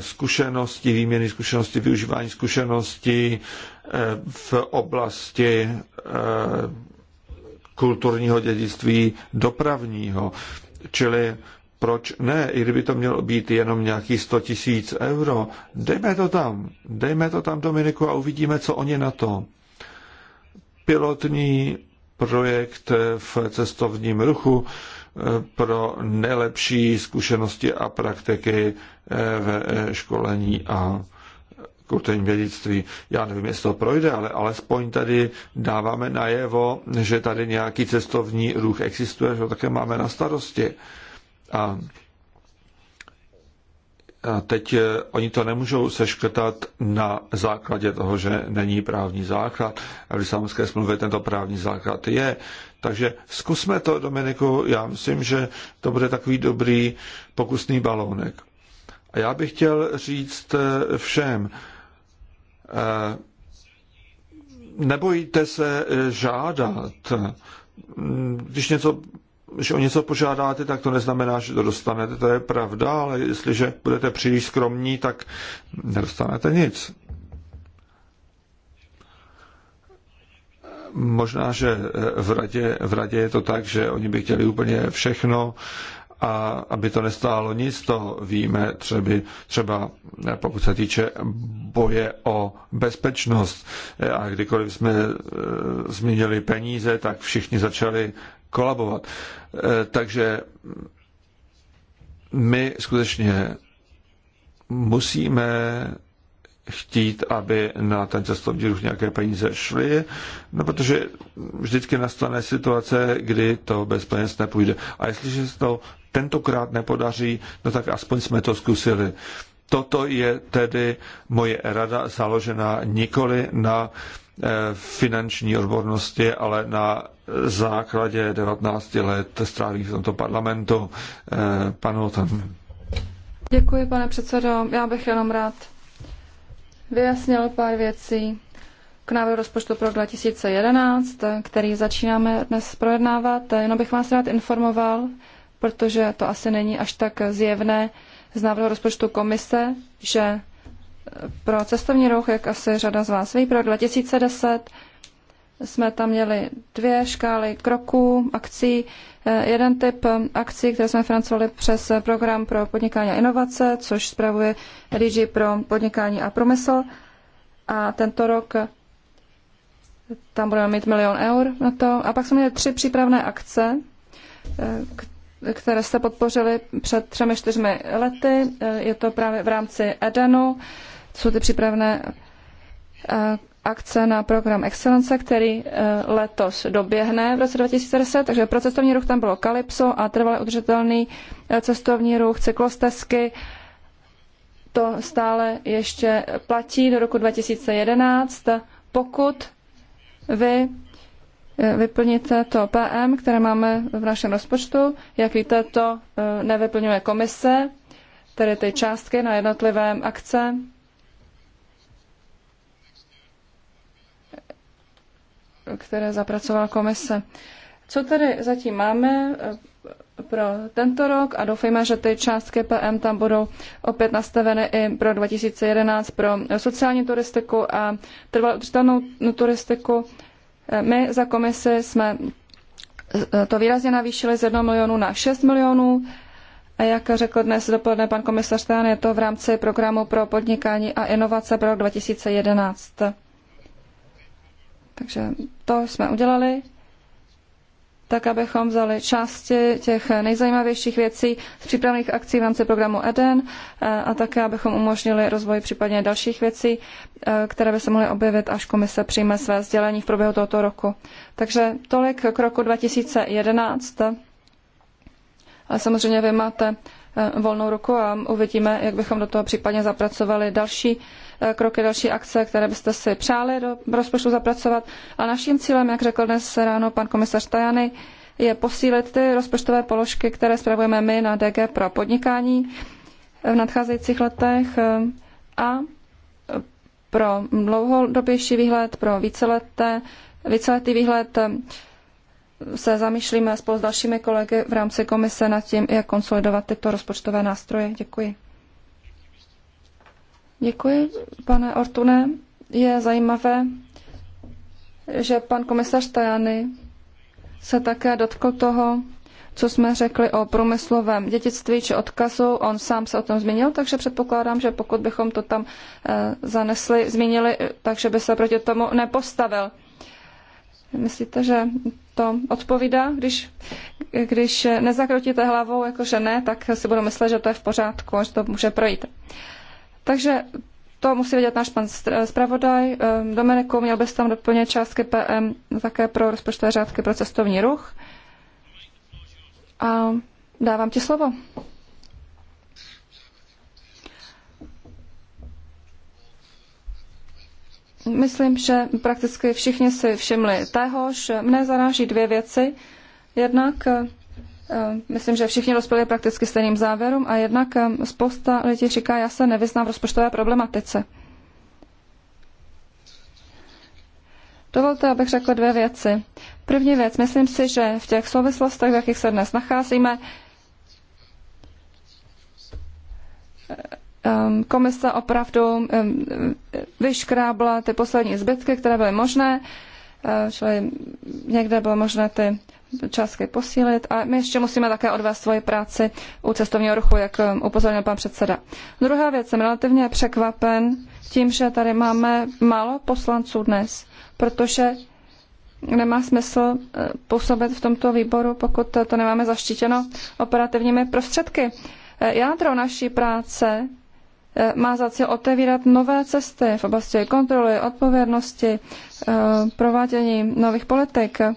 zkušeností, výměny zkušeností, využívání zkušeností, v oblasti eh, kulturního dědictví dopravního. Čili proč ne, i kdyby to mělo být jenom nějakých 100 tisíc euro, dejme to tam, dejme to tam Dominiku a uvidíme, co oni na to. Pilotní projekt v cestovním ruchu eh, pro nejlepší zkušenosti a praktiky eh, ve školení a kulturní dědictví. Já nevím, jestli to projde, ale alespoň tady dáváme najevo, že tady nějaký cestovní ruch existuje, že ho také máme na starosti. A a teď eh, oni to nemůžou seškrtat na základě toho, že není právní základ. A v islámské smlouvě tento právní základ je. Takže zkusme to, Dominiku, já myslím, že to bude takový dobrý pokusný balónek. A já bych chtěl říct eh, všem, Eh, nebojte se eh, žádat. Mm, když něco když o něco požádáte, tak to neznamená, že to dostanete, to je pravda, ale jestliže budete příliš skromní, tak nedostanete nic. Možná, že eh, v radě, v radě je to tak, že oni by chtěli úplně všechno a aby to nestálo nic, to víme třeba, třeba pokud se týče boje o bezpečnost. A kdykoliv jsme e, zmínili peníze, tak všichni začali kolabovat. E, takže my skutečně musíme chtít, aby na ten cestovní ruch nějaké peníze šly, no protože vždycky nastane situace, kdy to bez peněz nepůjde. A jestliže se to tentokrát nepodaří, no tak aspoň jsme to zkusili. Toto je tedy moje rada založená nikoli na eh, finanční odbornosti, ale na základě 19 let stráví v tomto parlamentu. Eh, panu tam. Děkuji, pane předsedo. Já bych jenom rád vyjasnil pár věcí k návrhu rozpočtu pro 2011, který začínáme dnes projednávat. Jenom bych vás rád informoval, protože to asi není až tak zjevné z návrhu rozpočtu komise, že pro cestovní ruch, jak asi řada z vás ví, pro 2010 jsme tam měli dvě škály kroků, akcí. Eh, jeden typ akcí, které jsme financovali přes program pro podnikání a inovace, což spravuje DG pro podnikání a promysl. A tento rok tam budeme mít milion eur na to. A pak jsme měli tři přípravné akce, eh, které jste podpořili před třemi, čtyřmi lety. Eh, je to právě v rámci EDENu. Jsou ty přípravné akce na program Excellence, který eh, letos doběhne v roce 2010, takže pro cestovní ruch tam bylo Kalypso a trvalé udržitelný eh, cestovní ruch, cyklostezky, to stále ještě platí do roku 2011, pokud vy eh, vyplníte to PM, které máme v našem rozpočtu. Jak víte, to nevyplňuje komise, tedy ty částky na jednotlivé akce které zapracovala komise. Co tady zatím máme eh, pro tento rok a doufejme, že ty částky PM tam budou opět nastaveny i pro 2011 pro sociální turistiku a trvalou udržitelnou turistiku. Eh, my za komisi jsme eh, to výrazně navýšili z 1 milionu na 6 milionů. A jak řekl dnes dopoledne pan komisař Tán, je to v rámci programu pro podnikání a inovace pro rok 2011. Takže to jsme udělali, tak abychom vzali části těch nejzajímavějších věcí z přípravných akcí v rámci programu EDEN eh, a také abychom umožnili rozvoj případně dalších věcí, eh, které by se mohly objevit, až komise přijme své sdělení v průběhu tohoto roku. Takže tolik k roku 2011. Ale samozřejmě vy máte Eh, volnou ruku a uvidíme, jak bychom do toho případně zapracovali další eh, kroky, další akce, které byste si přáli do rozpočtu zapracovat. A naším cílem, jak řekl dnes ráno pan komisař Tajany, je posílit ty rozpočtové položky, které spravujeme my na DG pro podnikání v nadcházejících letech eh, a pro dlouhodobější výhled, pro víceleté, víceletý výhled se zamýšlíme spolu s dalšími kolegy v rámci komise nad tím, jak konsolidovat tyto rozpočtové nástroje. Děkuji. Děkuji, pane Ortune. Je zajímavé, že pan komisař Tajany se také dotkl toho, co jsme řekli o průmyslovém dětictví či odkazu. On sám se o tom zmínil, takže předpokládám, že pokud bychom to tam eh, zanesli, zmínili, takže by se proti tomu nepostavil. Myslíte, že to odpovídá, když, když nezakrotíte hlavou, jakože ne, tak si budu myslet, že to je v pořádku, že to může projít. Takže to musí vědět náš pan zpravodaj. Ehm, Dominiku, měl bys tam doplnit částky PM také pro rozpočtové řádky pro cestovní ruch. A dávám ti slovo. Myslím, že prakticky všichni si všimli téhož. Mne zaráží dvě věci. Jednak eh, myslím, že všichni dospěli prakticky stejným závěrům a jednak eh, spousta lidí říká, já se nevyznám v rozpočtové problematice. Dovolte, abych řekl dvě věci. První věc, myslím si, že v těch souvislostech, v jakých se dnes nacházíme, Ehm, komise opravdu ehm, vyškrábla ty poslední zbytky, které byly možné, ehm, čili někde bylo možné ty částky posílit a my ještě musíme také odvést svoji práci u cestovního ruchu, jak upozornil pan předseda. Druhá věc, jsem relativně překvapen tím, že tady máme málo poslanců dnes, protože nemá smysl eh, působit v tomto výboru, pokud to nemáme zaštítěno operativními prostředky. Eh, jádro naší práce Eh, má za cíl otevírat nové cesty v oblasti kontroly, odpovědnosti, eh, provádění nových politik. Eh,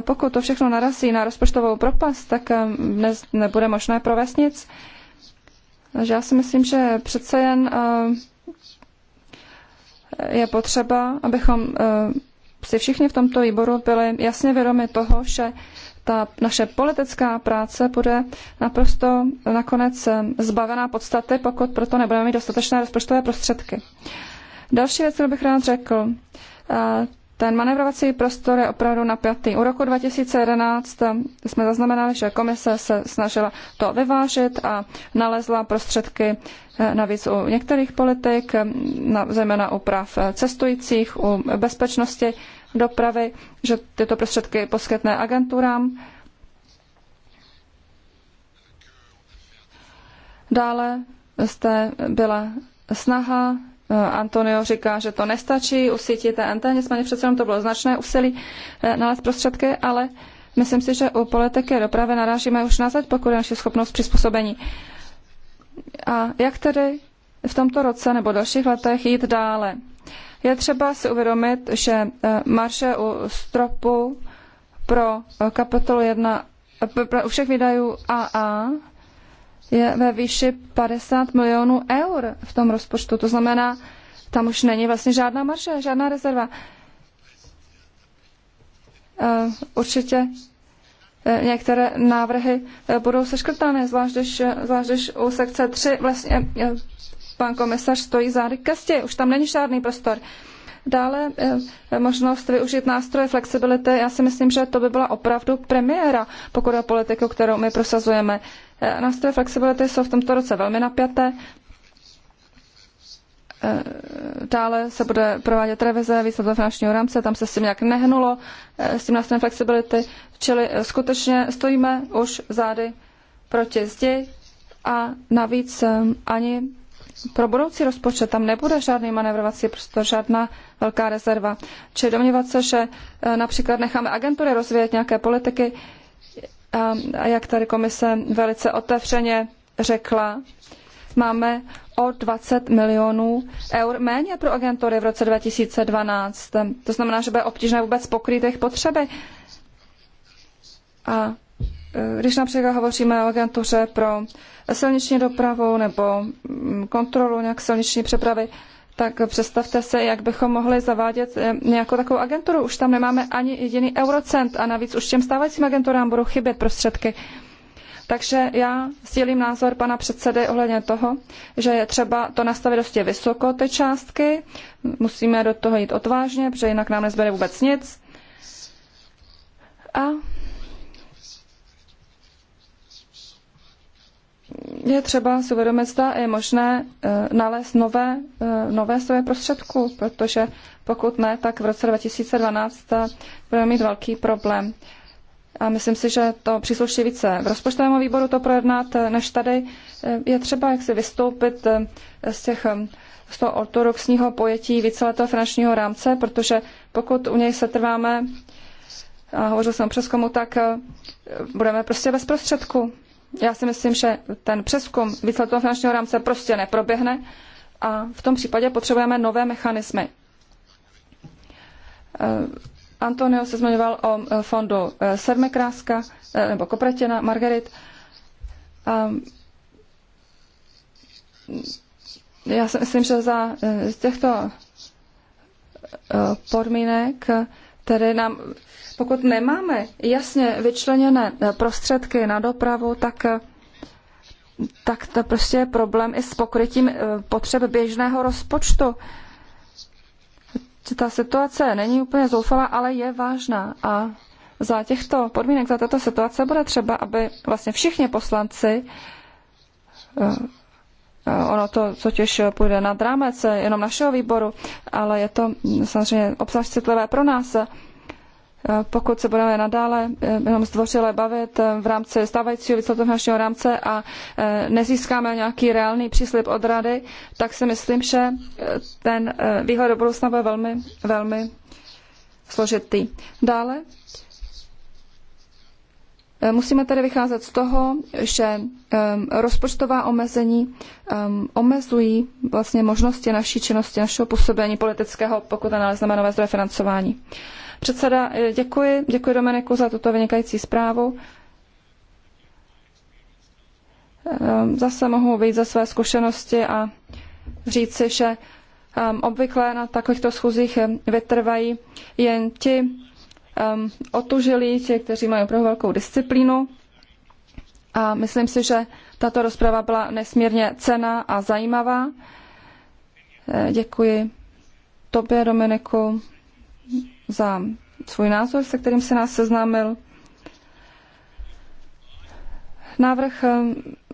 pokud to všechno narazí na rozpočtovou propast, tak dnes nebude možné provést nic. Takže já si myslím, že přece jen je potřeba, abychom si všichni v tomto výboru byli jasně vědomi toho, že ta naše politická práce bude naprosto nakonec eh, zbavená podstaty, pokud proto nebudeme mít dostatečné rozpočtové prostředky. Další věc, kterou bych rád řekl, eh, ten manevrovací prostor je opravdu napjatý. U roku 2011 eh, jsme zaznamenali, že komise se snažila to vyvážit a nalezla prostředky navíc u některých politik, zejména u práv cestujících, u bezpečnosti dopravy, že tyto prostředky poskytne agenturám. Dále jste byla snaha, eh, Antonio říká, že to nestačí u sítí TNT, nicméně přece jenom to bylo značné úsilí eh, nalézt prostředky, ale myslím si, že u politiky dopravy narážíme už na zeď, pokud je naše schopnost přizpůsobení. A jak tedy v tomto roce nebo dalších letech jít dále? Je třeba si uvědomit, že eh, marše u stropu pro eh, kapitolu 1 eh, u všech výdajů AA je ve výši 50 milionů eur v tom rozpočtu. To znamená, tam už není vlastně žádná marže, žádná rezerva. Určitě některé návrhy budou seškrtány, zvlášť když, zvlášť když u sekce 3 vlastně pan komisař stojí zády ke zdi. už tam není žádný prostor. Dále eh, možnost využít nástroje flexibility. Já si myslím, že to by byla opravdu premiéra, pokud je o politiku, kterou my prosazujeme. Eh, nástroje flexibility jsou v tomto roce velmi napjaté. Eh, dále se bude provádět revize výsledku finančního rámce, tam se s tím nějak nehnulo, s tím nástrojem flexibility, čili skutečně stojíme už zády proti zdi a navíc ani pro budoucí rozpočet tam nebude žádný manevrovací prostor, žádná velká rezerva. Či domnívat se, že eh, například necháme agentury rozvíjet nějaké politiky, eh, a jak tady komise velice otevřeně řekla, máme o 20 milionů eur méně pro agentury v roce 2012. To znamená, že bude obtížné vůbec pokrýt jejich potřeby. A Eh, když například hovoříme o agentuře pro silniční dopravu nebo mm, kontrolu nějak silniční přepravy, tak představte se, jak bychom mohli zavádět eh, nějakou takovou agenturu. Už tam nemáme ani jediný eurocent a navíc už těm stávajícím agenturám budou chybět prostředky. Takže já sdělím názor pana předsedy ohledně toho, že je třeba to nastavit dosti vysoko, ty částky. Musíme do toho jít odvážně, protože jinak nám nezbude vůbec nic. A je třeba si uvědomit, zda je možné eh, nalézt nové, eh, nové své prostředku, protože pokud ne, tak v roce 2012 eh, budeme mít velký problém. A myslím si, že to přísluší více v rozpočtovému výboru to projednat, než tady. Je třeba jak si vystoupit z těch z toho ortodoxního pojetí víceletého finančního rámce, protože pokud u něj se trváme, a hovořil jsem o přeskomu, tak budeme prostě bez prostředku. Já si myslím, že ten přeskum výsledku finančního rámce prostě neproběhne a v tom případě potřebujeme nové mechanismy. Eh, Antonio se zmiňoval o eh, fondu eh, Sedmekráska nebo Kopretina, Margarit. Mm, já si myslím, že za těchto podmínek Tedy nám, pokud nemáme jasně vyčleněné eh, prostředky na dopravu, tak eh, tak to prostě je problém i s pokrytím eh, potřeb běžného rozpočtu. Ta situace není úplně zoufalá, ale je vážná a za těchto podmínek, za této situace bude třeba, aby vlastně všichni poslanci Eh, ono to totiž eh, půjde nad rámec eh, jenom našeho výboru, ale je to mm, samozřejmě obsah citlivé pro nás. Pokud se budeme nadále jenom zdvořile bavit v rámci stávajícího výsledku našeho rámce a nezískáme nějaký reálný příslip od rady, tak si myslím, že ten výhled do budoucna bude velmi, velmi složitý. Dále Eh, musíme tedy vycházet z toho, že ehm, rozpočtová omezení ehm, omezují vlastně možnosti naší činnosti, našeho působení politického, pokud nalezneme nové zdroje financování. Předseda, eh, děkuji, děkuji Dominiku za tuto vynikající zprávu. Ehm, zase mohu vyjít ze své zkušenosti a říci, že obvykle na takovýchto schůzích eh, vytrvají jen ti, um, otužilí, ti, kteří mají opravdu velkou disciplínu. A myslím si, že tato rozprava byla nesmírně cena a zajímavá. Eh, děkuji tobě, Dominiku, za svůj názor, se kterým se nás seznámil. Návrh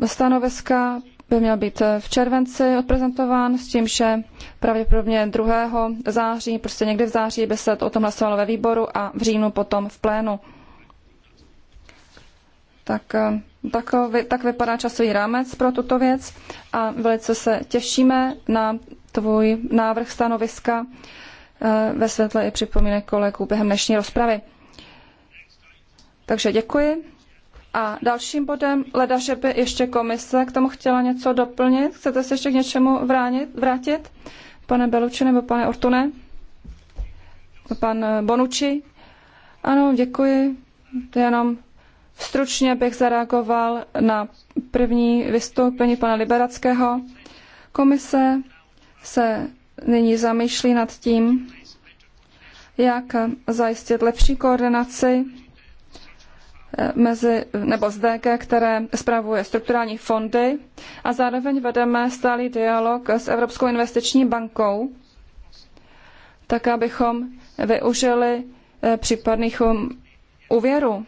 stanoviska by měl být v červenci odprezentován s tím, že pravděpodobně 2. září, prostě někdy v září by se o tom hlasovalo ve výboru a v říjnu potom v plénu. Tak, eh, tak, tak vypadá časový rámec pro tuto věc a velice se těšíme na tvůj návrh stanoviska eh, ve světle i připomínek kolegů během dnešní rozpravy. Takže děkuji. A dalším bodem, leda, že by ještě komise k tomu chtěla něco doplnit. Chcete se ještě k něčemu vránit, vrátit? Pane Beluči nebo pane Ortune? Pan Bonuči? Ano, děkuji. Jenom stručně bych zareagoval na první vystoupení pana Liberackého. Komise se nyní zamýšlí nad tím, jak zajistit lepší koordinaci Eh, mezi, nebo z DG, které spravuje strukturální fondy a zároveň vedeme stálý dialog s Evropskou investiční bankou, tak abychom využili eh, případných um, úvěrů.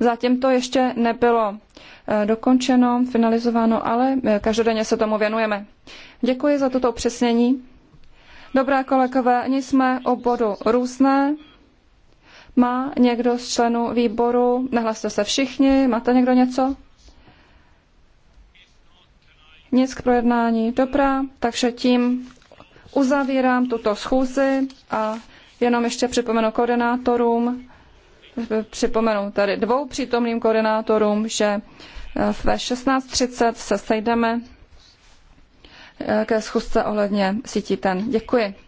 Zatím to ještě nebylo eh, dokončeno, finalizováno, ale každodenně se tomu věnujeme. Děkuji za toto upřesnění. Dobrá kolegové, ani jsme o bodu různé. Má někdo z členů výboru, nehlaste se všichni, máte někdo něco? Nic k projednání, dobrá, takže tím uzavírám tuto schůzi a jenom ještě připomenu koordinátorům, připomenu tady dvou přítomným koordinátorům, že eh, ve 16.30 se sejdeme eh, ke schůzce ohledně sítí ten. Děkuji.